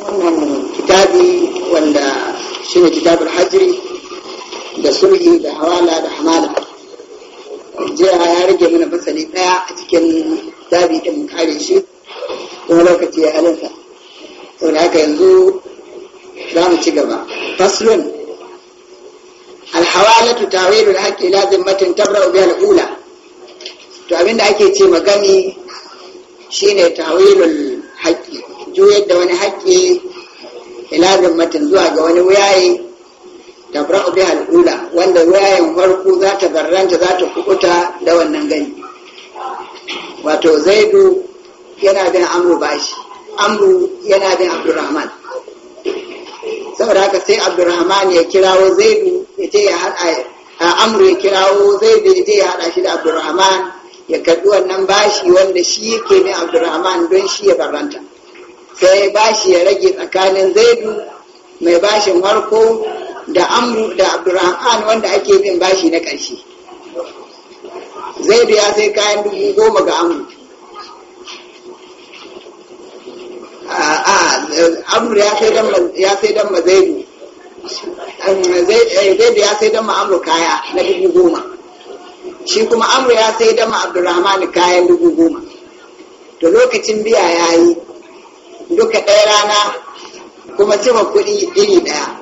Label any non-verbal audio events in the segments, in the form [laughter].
wannan kitabi wanda shi ne kitabul hajri da sulhi da hawala da hamala jiya ya rage mana fasali daya a cikin dabi kare shi kuma lokaci ya halinsa saboda haka yanzu za mu ci gaba faslun alhawalatu tawilu da la zimmatin tabra'u biha al-ula to abinda ake ce magani shine tawilul juyar da wani haƙƙi ilazin zimmatin zuwa ga wani wuyaye tabra'u bi al'ula wanda wuyayen farko za ta garranta za ta kukuta da wannan gani wato zaidu yana bin amru bashi amru yana bin abdurrahman saboda haka sai abdurrahman ya kirawo zaidu ya ce ya haɗa amru ya kirawo zaidu ya ce ya haɗa shi da abdurrahman ya karɓi wannan bashi wanda shi yake bin abdurrahman don shi ya barranta sai bashi ya rage tsakanin zaidu mai bashin harko da amru da abdurrahman wanda ake bin bashi na ƙarshe zaidu ya sai kayan dubu goma ga amru ah, ah, amru ya sai don mazaidu eh, zaidu ya sai don ma'amru kaya na dubu goma shi kuma amru ya sai don ma'abdurrahman kayan dubu goma to lokacin biya ya yi duka ɗaya rana kuma cima kuɗi iri ɗaya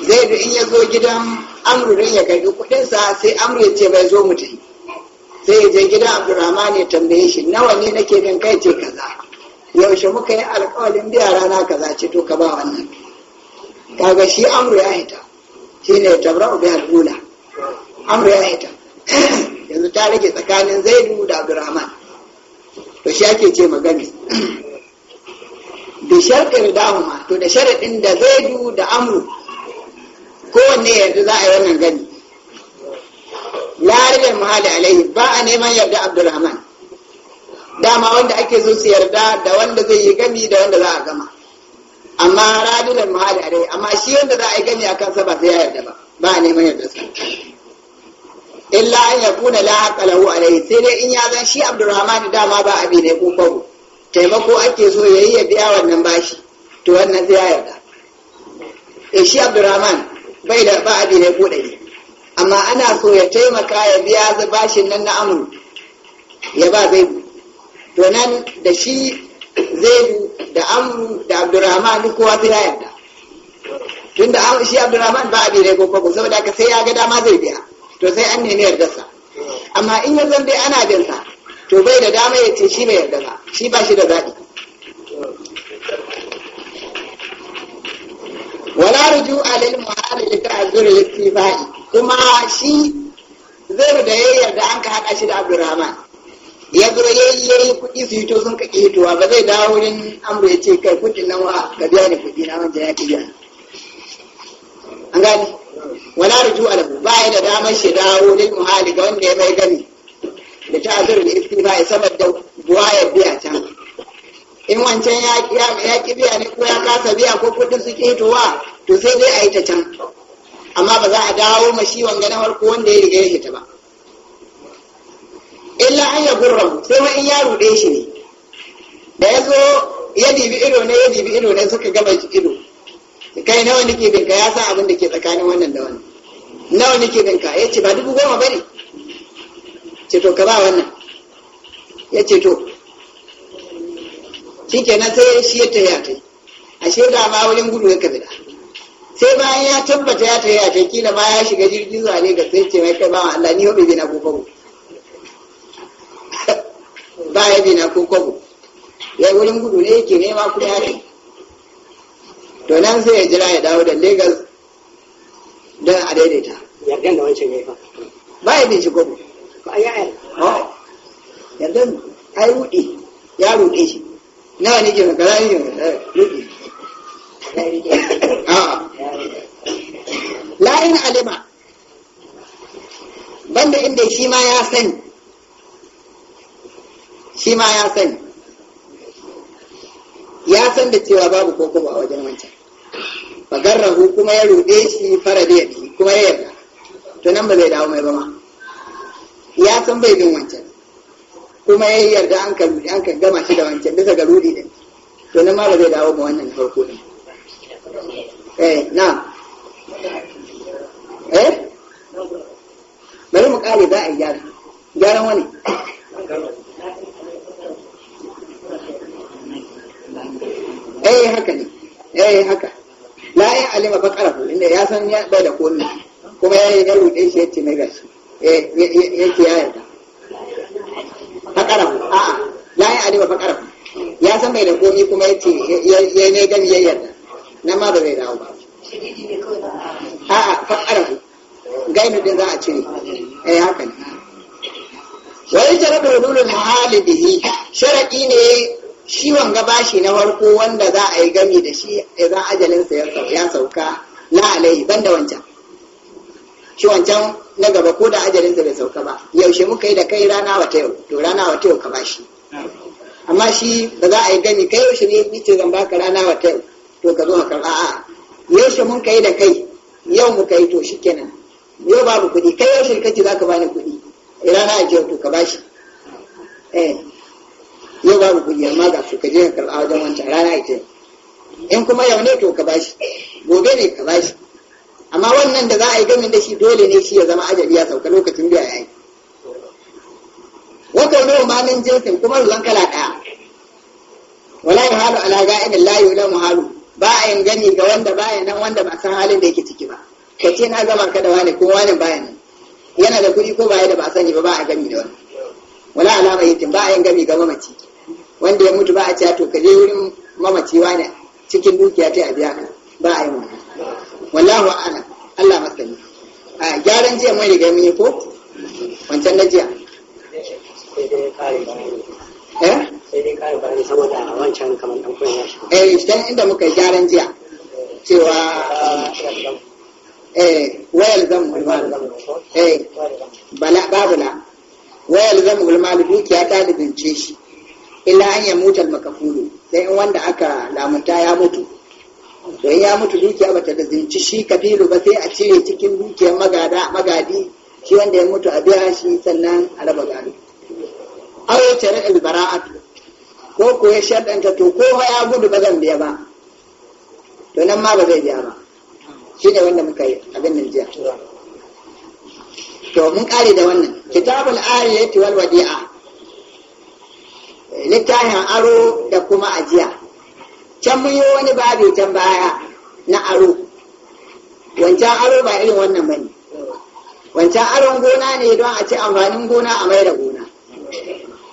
Zai zaidu in ya zo gidan amurin don ya karɓi kuɗinsa sai amru ya ce bai zo mutum sai ya je gidan abdurrahman ya tambaye shi nawa ne nake bin kai ce kaza yaushe muka yi alƙawalin biya rana kaza ce to ka ba wannan kaga shi amru ya hita ne ya tabra ubi ula ya hita yanzu ta rage tsakanin zaidu da abdurrahman to shi ake ce magani bi da dahuma to da sharaɗin da zaidu da amru kowanne yanzu za a yi wannan gani laribin muhali alaihi ba a neman yarda abdulrahman dama wanda ake so su yarda da wanda zai yi gami da wanda za a gama amma radulan muhali alaihi amma shi wanda za a yi gami a kansa ba sai ya yarda ba ba a neman yarda sa. illa an yakuna la haqqa lahu alaihi sai dai in ya zan shi abdulrahman dama ba abi ne ko babu taimako ake so ya yi ya biya wannan bashi to wannan zai yarda e shi abdurrahman bai da ba abi ne amma ana so ya taimaka ya biya za bashin nan na amur ya ba zai to nan da shi zai da amru da abdurrahman duk kowa zai ya yarda tunda shi abdurrahman ba abi ne ko saboda ka sai ya ga dama zai biya to sai an nemi yardarsa amma in ya zan dai ana bin sa to bai da dama ya ce shi mai yarda ba shi ba shi da zaɓi wala ruju alil muhalli ya ta'zuri ba'i kuma shi zai da ya yarda an ka haɗa shi da Abdurrahman ya ya yi kuɗi su hito sun kake hitowa ba zai dawo wurin amru ya ce kai kuɗin nan wa ka biya ni kuɗi na wanda ya biya an gani wala ruju alahu ba ya da damar shi dawo lil muhalli ga wanda ya mai gani da ta azar da iski ba ya sabar da ya biya can. in wancan ya ki biya ne ko ya kasa biya ko kudin suke hitowa to sai dai a yi ta can amma ba za a dawo ma shi wanga na farko wanda ya riga ya hita ba illa an ya sai ma in ya ruɗe shi ne da ya zo ya dibi ido ne ya dibi ido ne suka gaba ido kai nawa nake binka ya san abin da ke tsakanin wannan da wannan nawa nake binka ya ce ba dubu goma bane Ceto ka ba wannan ya ceto. to shi kenan sai shi ya taya ta shi da ma wurin gudu ya bida sai bayan ya tabbata ya taya ta kila ma ya shiga jirgin zuwa ne ga sai ce mai kai ba Allah ni hobe bina ko kwabo [laughs] ba ya bina ko kwabo ya wurin gudu ne yake nema kuma ya ce to nan sai ya jira ya dawo da Legas don a daidaita ya ganda wancan ya yi fa ba ya bin shi kwabo ya yanzu yi ruɗe ya ruɗe shi nawa ne ke maka za ni ruɗe la'in alima banda inda shi ma ya sani shi ma ya sani ya san da cewa babu ko kuma a wajen wancan bagarrahu kuma ya ruɗe shi fara da kuma ya yarda to nan ba zai dawo mai ba ma san bai bin wancan kuma ya yi yarda an an kan gama shi da wancan bisa ga rudi ne to nan ma ba zai dawo ma wannan farko ne eh na eh bari mu kare za a yi gyara gyaran wani eh haka ne eh haka la ya alima faqarahu inda ya san ya bai da komai kuma ya yi rude shi ya ce mai gashi yake eh, ya yarda fakarahu a'a la ya alima fakarahu ya san bai da komi kuma ya ce ya ne gani ya yarda Na ma ba zai dawo ba a'a fakarahu gainu din za a cire eh haka ne wa yajra da hulul hali bihi sharadi ne shi wanga bashi na farko wanda za a yi gami da shi idan ajalinsa ya sauka la alai banda wancan shi wancan na gaba ko da da bai sauka ba yaushe muka yi da kai rana wata yau to rana wata yau ka bashi amma shi ba za a yi gani kai yaushe ne ni ce zan baka rana wata yau to ka zo ka karba a'a yaushe mun kai da kai yau muka yi to shikenan yau babu kuɗi kai yaushe za zaka bani kuɗi eh, rana a jiya to ka bashi eh yau babu kuɗi amma ga su ka je ka karba wajen wancan rana ita in kuma yau ne to ka bashi gobe ne ka bashi amma wannan da za a yi gamin da shi dole ne shi ya zama ajali ya sauka lokacin da ya yi ne ma umarnin jinsin kuma ruwan kala ɗaya wala ya halu ala ga'idin la mu halu ba a yin gani ga wanda baya nan wanda ba san halin da yake ciki ba ka ce na zama ka da wani ko wani baya nan yana da kuɗi ko baya da ba sani ba ba a gami da wani wala alama yakin ba a yin gami ga mamaci wanda ya mutu ba a cewa to ka je wurin mamaci wani cikin dukiya ta a biya ba a yin wani wallahu a'lam Allah masani a gyaran jiya mai riga mun ko wancan na jiya eh dan eh dan inda muka yi gyaran jiya cewa eh wayal zam eh bala babu na wayal zam ulmal dukiya ta dubince shi Ila an ya mutal makafulu sai in wanda aka lamunta ya mutu to ya mutu dukiya bata da zinci shi kafilu ba sai a cire cikin dukiyar magada magadi shi wanda ya mutu a biya shi sannan a raba gado aw ya tare albara'atu ko ko ya shaddanta to ko ya gudu ba zan biya ba to nan ma ba zai biya ba shi ne wanda muka yi abin nan jiya to mun kare da wannan kitabul ayati wal wadi'a littafin aro da kuma ajiya can mun yi wani babi can baya na aro wancan aro ba irin wannan ba ne wancan aron gona ne don a ci amfanin gona a mai da gona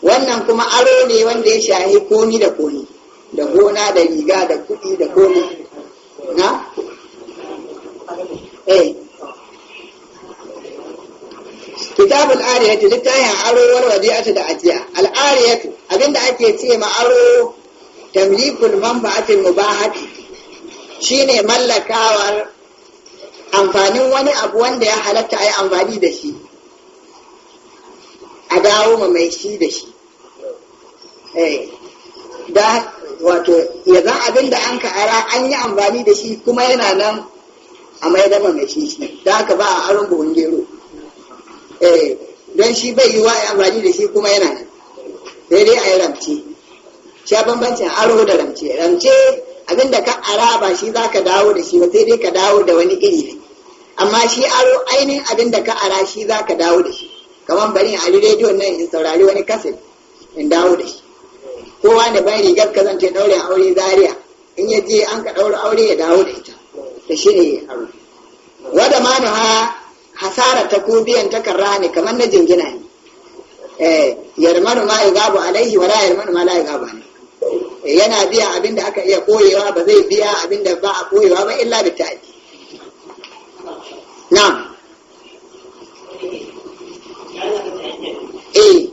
wannan kuma aro ne wanda ya shahi komi da komi da gona da riga da kuɗi da komi na? eh kitab al-ariyat littafin aro wal wadi'atu da ajiya al'ariyatu abinda ake ce ma aro tamlikul manfa'atin mubahati shine mallakawar amfanin wani abu wanda ya halatta a yi amfani da shi a dawo ma mai shi da shi eh, da wato ya zan abin da an ka'ara an yi amfani da shi kuma yana nan a mai dama mai shi shi da haka ba a aron buhun gero eh, don shi bai yi wa amfani da shi kuma yana nan sai dai a yi ramce sha bambancin aro da ramce ramce abinda ka ara ba shi za ka dawo da shi ba sai dai ka dawo da wani iri ne amma shi aro ainihin abinda ka ara shi za ka dawo da shi kamar bari in ali rediyo nan in saurari wani kasa in dawo da shi kowa da rigar ka zance ɗaurin aure zaria in ya je an ka daure aure ya dawo da ita da shi ne aro wada ma ha hasara ta ko biyan ta karra ne kamar na jingina ne eh, yarmanu ma ya gabo alaihi wala yarmanu ma la ya gabo alaihi yana biya abin da aka iya koyewa ba zai biya abin da ba a koyewa ba illa bi ta'adi na'am eh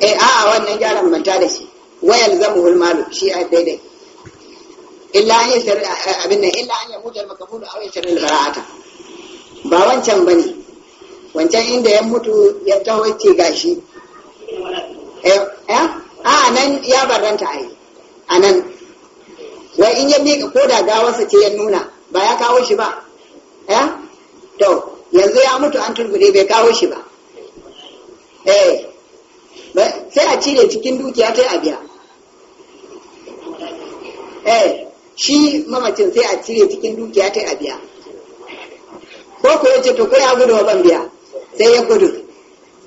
eh a'a wannan gyaran manta da shi wayan zamu hulmalu shi a daidai illa an yasar abin nan illa an yamuta al-makfulu a wancan al-bara'ata ba wancan bane wancan inda ya mutu ya tawace gashi nan ya barranta a yi a nan wai in ya miƙa ko da gawarsa ce ya nuna ba ya kawo shi ba eh to yanzu ya mutu an turgude bai kawo shi ba eh sai a cire cikin dukiya ta a biya eh shi mamacin sai a cire cikin dukiya ta a biya ko ko yace to ko ya gudu ban biya sai ya gudu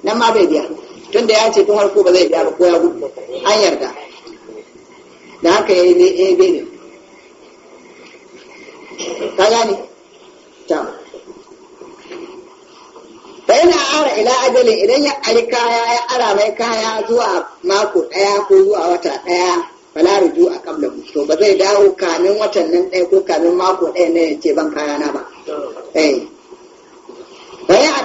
nan ma bai biya tunda ya ce tun harko ba zai biya ba ko ya gudu an yarda da haka ya yi ne ka gani ta ba yana ara ila ajali idan ya ari kaya ya ara mai kaya zuwa mako daya ko zuwa wata daya fala ruju a kabla to ba zai dawo kamin watan nan ɗaya ko kamin mako daya ne ya ce ban kaya na ba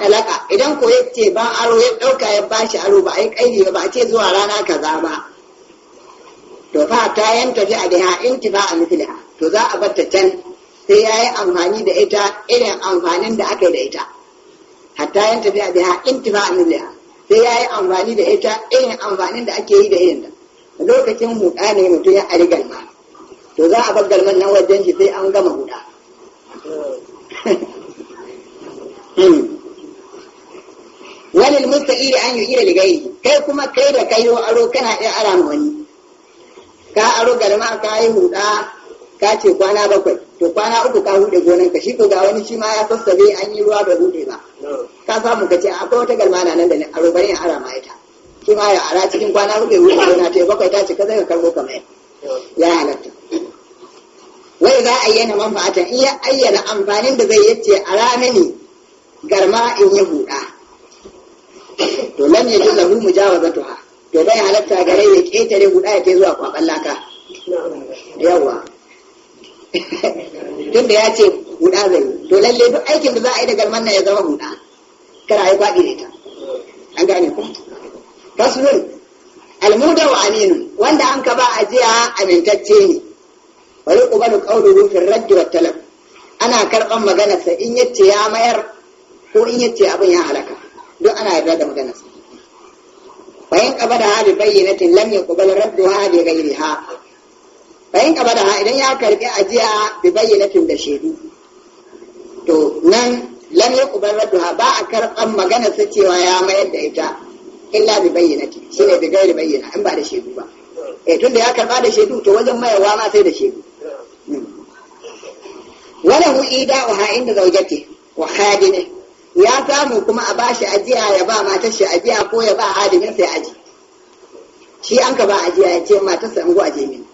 alaka idan ko yace ban aro ya ɗauka ya bashi aro ba ai kai ba ce zuwa rana kaza ba to fa ta yanta ji alaiha intifa a mithliha to za a batta can sai yayi amfani da ita irin amfanin da aka yi da ita hatta yanta ji alaiha intifa a mithliha sai yayi amfani da ita irin amfanin da ake yi da irin da lokacin huɗa ne mutum ya arigal ma to za a bar galman nan wajen shi sai an gama [laughs] Hmm. walil mustaqili an yu'ira li ghairi kai kuma kai da kai aro kana iya ara wani ka aro garma ka yi huda ka ce kwana bakwai to kwana uku ka hude gonan ka shi to ga wani shi ma ya sassabe an yi ruwa da hude ba ka samu ka ce akwai wata garma na nan da aro bari in ara ma ita shi ma ya ara cikin kwana uku hude gonan ta bakwai ta ce ka zai ka karbo kamar ya halatta wai za a yana manfa'atan in ya ayyana amfanin da zai yace ara mini ne garma in yi huda to lam yajuz lahu mujawazatuha to dai halatta gare ya ketare guda ya ke zuwa kwaban laka yawa [laughs] tunda ya ce guda zai to lalle duk aikin da za a yi da galman nan ya zama guda kada a yi kwaɗi ne ta, an gane ku fasrun almuda wa aminu wanda an ka ba ajiya amintacce ne wani ubalu qawluhu fi raddi wa talab ana karɓar maganarsa in yace ya mayar ko in yace abin ya halaka duk ana yarda da maganar sa bayan kaba da hali bayyanatin lam yaqbal raddu hali ghairiha bayan kaba da idan ya karbi ajiya bi bayyanatin da shaidu, to nan lam yaqbal raddu ha ba a karban maganar sa cewa ya mayar da ita illa bi bayyanatin shine bi ghairi bayyana in ba da shaidu ba eh tunda ya karba da shaidu to wajen mayarwa ma sai da shedu hmm. wala hu ida'uha inda zawjati wa khadine ya samu kuma a bashi ajiya ya ba matar shi ajiya ko ya ba adamin sai aji shi an ka ba ajiya ya ce matar sa ungo aje min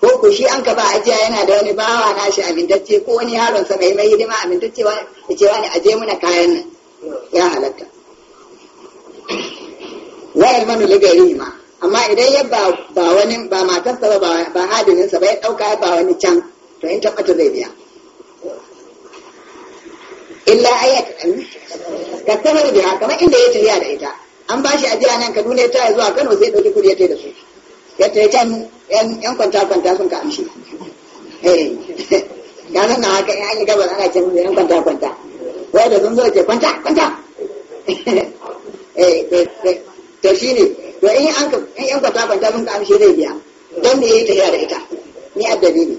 ko ku shi an ka ba ajiya yana da wani bawa na shi amintacce ko wani yaron sa mai mai hidima amintacce ya ce wani aje muna kayan nan ya halatta wa ilmanu ligari ma amma idan ya ba wani ba matarsa ba ba hadimin sa ba ya dauka ba wani can to in tabbata zai biya illa ayat ka kamar biya kamar inda ya tafiya da ita an ba shi ajiya nan Kaduna ya taya zuwa Kano sai dauki kudi ya tafi da su ya tafi can yan kwanta kwanta sun ka amshi eh ya nan na haka an yi gabar ana can yan kwanta kwanta wai da sun zo ce kwanta kwanta [laughs] eh to ne. to in an ka in yan kwanta kwanta sun ka amshi zai biya don me yayi tafiya da ita ni addabi ne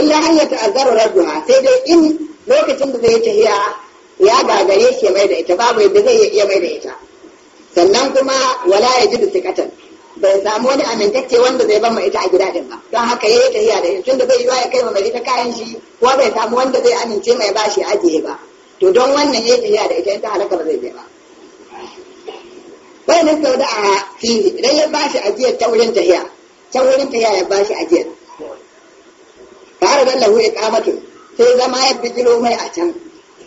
illa an ya ta'azzaru rabbuha sai dai in lokacin da zai tafiya ya gagare shi mai da ita babu yadda zai iya mai da ita sannan kuma wala ya ji da sikatan bai samu wani amintacce wanda zai bama ita a gida din ba don haka yayi tafiya da tun da bai yiwa ya kai mai ta kayan shi ko bai samu wanda zai amince mai bashi ajiye ba to don wannan yayi tafiya da ita ta halaka ba zai je ba bai nan sau da a fili idan ya bashi ajiyar ta wurin tafiya ta wurin tafiya ya bashi ajiyar tare da lahu kamata sai zama ya bijiro mai a can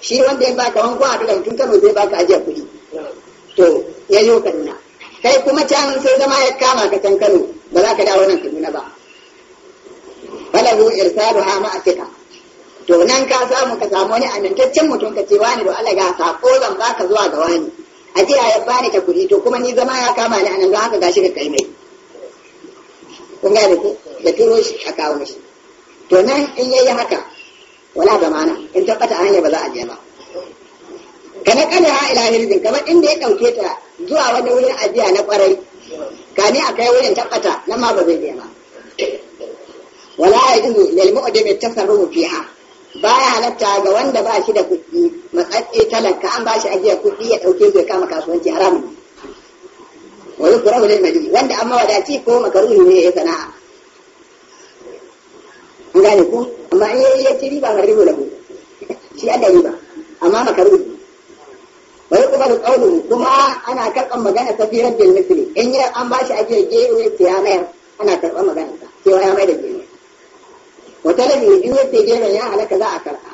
shi wanda ya baka wanko a daga tun kano zai baka ajiyar kuɗi to ya yi kaduna kai kuma can sai zama ya kama ka can kano ba za ka dawo nan kaduna ba falalu irsalu ha ma afika to nan ka samu ka samu wani amintaccen mutum ka ce wani da Allah ga ko zan baka zuwa ga wani a jiya ya bani ta kuɗi to kuma ni zama ya kama ni anan don haka gashi ka kai mai kun gane ku da turo shi a kawo shi to nan in yayi haka wala zamana in ta bata hanya ba za a je ba kana kana ha ila hirbin kamar inda ya dauke ta zuwa wani wurin ajiya na kwarai kani a kai wurin tabbata nan ma ba zai je ba wala ya yajuzu lil mu'dami tasarrufu fiha baya halatta ga wanda ba shi da kuɗi matsatsi talaka an ba shi ajiyar kuɗi ya ɗauke su kama kasuwanci haramun wani wa ne lil wanda amma wadaci ko makaruhi ne ya sana'a in gane ku amma in yi riba ci riba maribu lahu shi an da riba amma makaru wa yi kuma kaulu kuma ana karɓar magana ta fi rabbin misli in yi an ba shi ajiyar gero ya ce ya mayar ana karɓar magana ta cewa ya mayar da gero wata rabi in ya ce gero ya halaka za a karɓa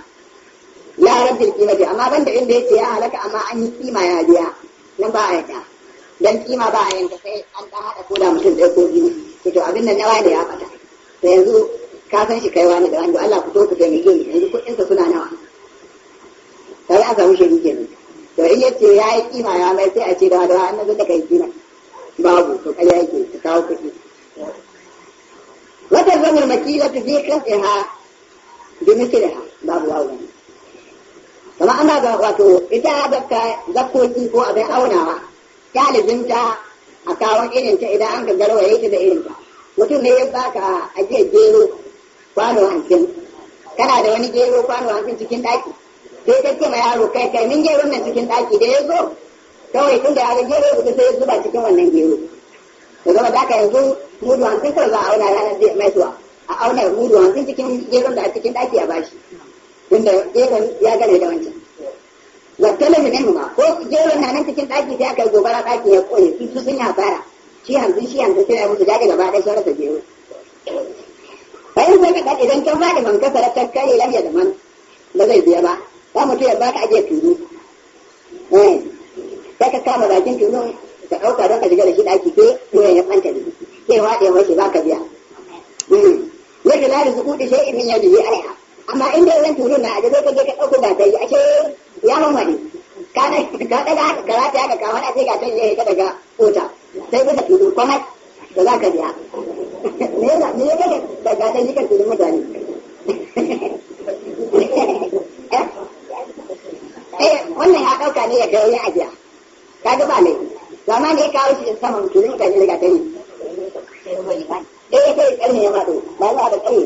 la rabbin kimati amma banda inda ya ce ya halaka amma an yi kima ya biya nan ba a yadda dan kima ba a yanka sai an ɗan haɗa ko da mutum ɗaya ko biyu to abin nan nawa ne ya ɓata. to yanzu ka san shi kai wani da wani Allah ku so ku taimake miliyan yanzu kuɗin sa suna nawa sai aka wuce ni kenan to in yace ya yi kima ya mai sai a ce da da annabi da kai kina babu to kai yake ka kawo kuɗi wata zamar makila ta fi ha, bi ha, babu wawo kamar ana ga wato ita zakka zakoki ko abin aunawa ya lizinta a kawon irinta idan an ka garwaye ta da irinta mutum ne ya baka ajiyar gero kwano hamsin kana da wani gero kwano hamsin cikin ɗaki sai ta ce ma yaro kai kai min gero nan cikin ɗaki da ya zo kawai tun da ya gero ya sai ya zuba cikin wannan gero da zama da yanzu mudu hamsin kawai za a auna ranar zai mai zuwa a auna mudu hamsin cikin gero da a cikin ɗaki a bashi tunda gero ya gane da wancan wattala min ma ko gero na nan cikin ɗaki sai aka yi gobara ɗaki ya koye su sun yi hasara shi hamsin shi hamsin sai ya mutu daga gaba ɗaya sauransa gero kuma mai kaɗan idan kan ba da manka sarar kare lafiya man ba zai biya ba ba mutu ya baka ajiye turu sai eh, ka kama bakin tulu ka ɗauka don ka shiga da shi ɗaki ke ɗoyan ya ɓanta ne sai waɗe ya ba ka biya hmm. yadda na da zuku da shi imin yadda ya alaiha amma in inda yawan tulu na ajiye zai kaje ka ɗauka ba ta yi ashe ya mamari ka ɗaga haka karata haka kawo sai ga ta yi ya ta daga kota sai bisa tulu kwamat da za ka biya ka san nikan tunan mutane eh, wannan ya ɗauka ne ya ga ya ajiya ka ga ba ne to amma ne ya kawo shi saman tunan mutane daga gani eh sai ƙarni ya mato ba za a da ƙarni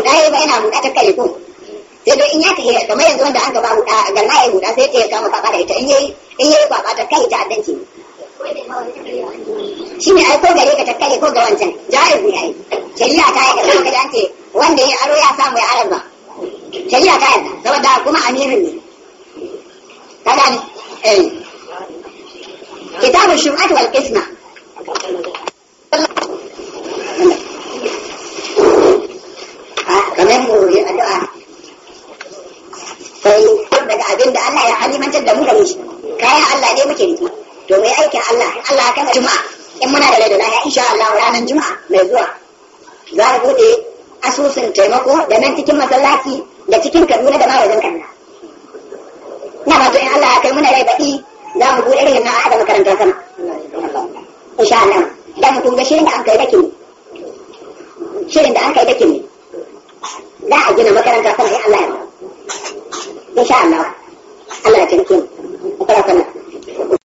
huda ya ba yana huda ta kare ko sai dai in ya tafi kamar yanzu wanda an gaba huda garma ya huda sai ya kama kwaba da ita in yayi in yayi kwaba ta kai ta addanci shi ne ai ko gare ka ta kare ko ga wancan jaiz ne ai shari'a ta yi kasance kada an wanda ya aro ya samu ya araba shari'a ta yarda saboda kuma amirin ne kada ne eh kitabun shum'at wal qisma Allah ya alimantar da mu da shi kayan Allah ne muke riki to mai aikin Allah Allah ya kama juma'a in muna da rai da lafiya insha Allah ranar juma'a mai zuwa za a bude asusun taimako da nan cikin masallaci da cikin Kaduna da mawajin Kaduna na ba in Allah ya kai muna rai baki za mu bude irin na a makarantar sama insha Allah dan kun ga shirin da an kai dakin shirin da an kai dakin za a gina makarantar sama in Allah ya insha Allah Ana ya taimake mu.